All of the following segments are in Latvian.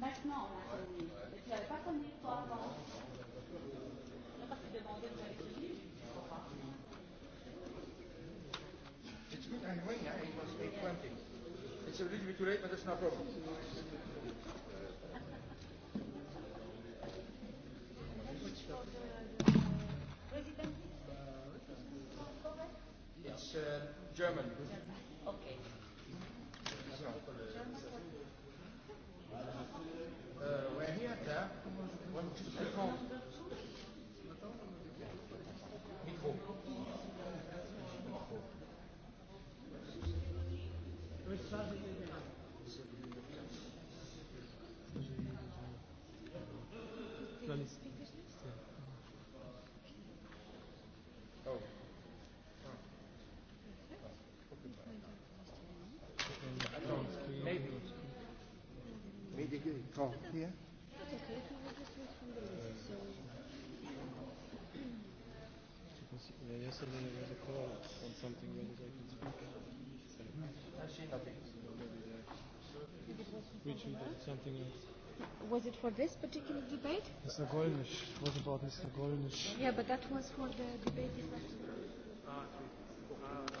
Maintenant, on a connu. Et tu n'avais pas connu, toi, avant. Là, parce que demandé de j'avais connu, je ne crois pas. It's good I'm waiting. It was 8.20. It's a little bit too late, but that's no problem. It's uh, German. German. Okay. German. Uh, we're here, sir. What's the call? Oh, yeah. Yeah, yesterday there was a call on something whether they can speak. I've seen nothing. Which something else. Was it for this particular debate? Mr. Golnish. It was about Mr. Golnish. Yeah, but that was for the debate this afternoon. Ah, uh,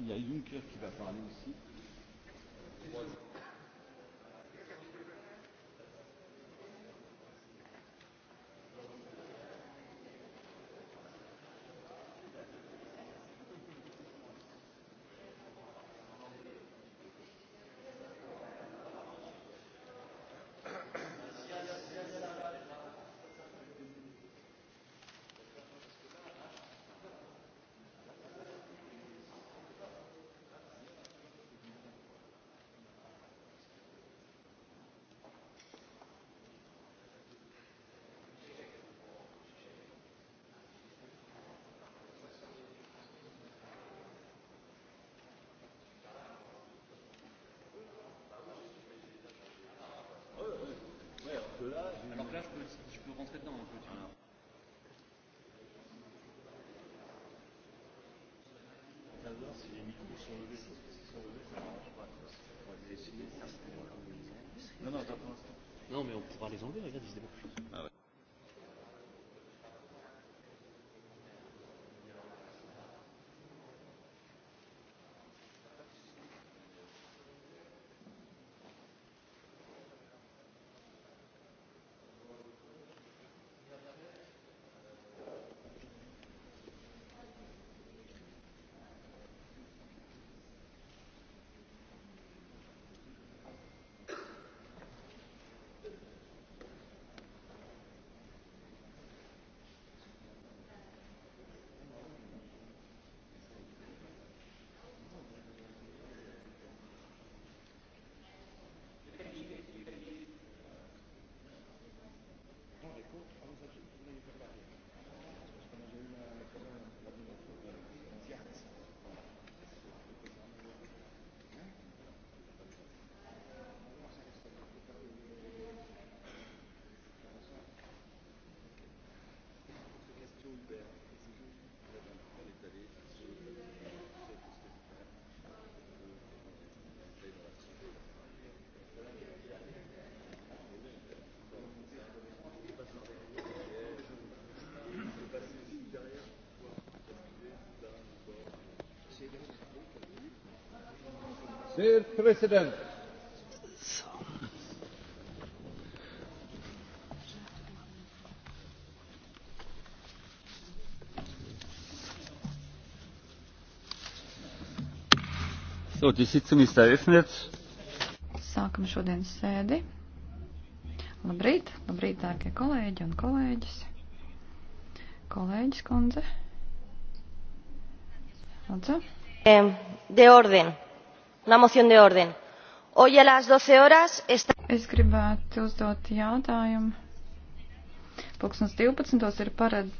Il y a Juncker qui va parler aussi. Alors que là, je peux, je peux rentrer dedans un peu, tu vois. savoir si les micros sont levés, parce que s'ils sont levés, ça m'arrange pas. On va les essayer. Non, non, pas pour l'instant. Non, mais on pourra les enlever, regarde, ils se débrouillent. Ah ouais. Herr Präsident! So, die Sitzung ist eröffnet. Sākam šodienas sēdi. Labrīt, labrīt, dārgie kolēģi un kolēģis. Kolēģis kundze. Lūdzu. De orden una moción de orden. Hoy a las 12 horas está... Es gribētu uzdot jautājumu. Pulkstens 12. ir paredzēts.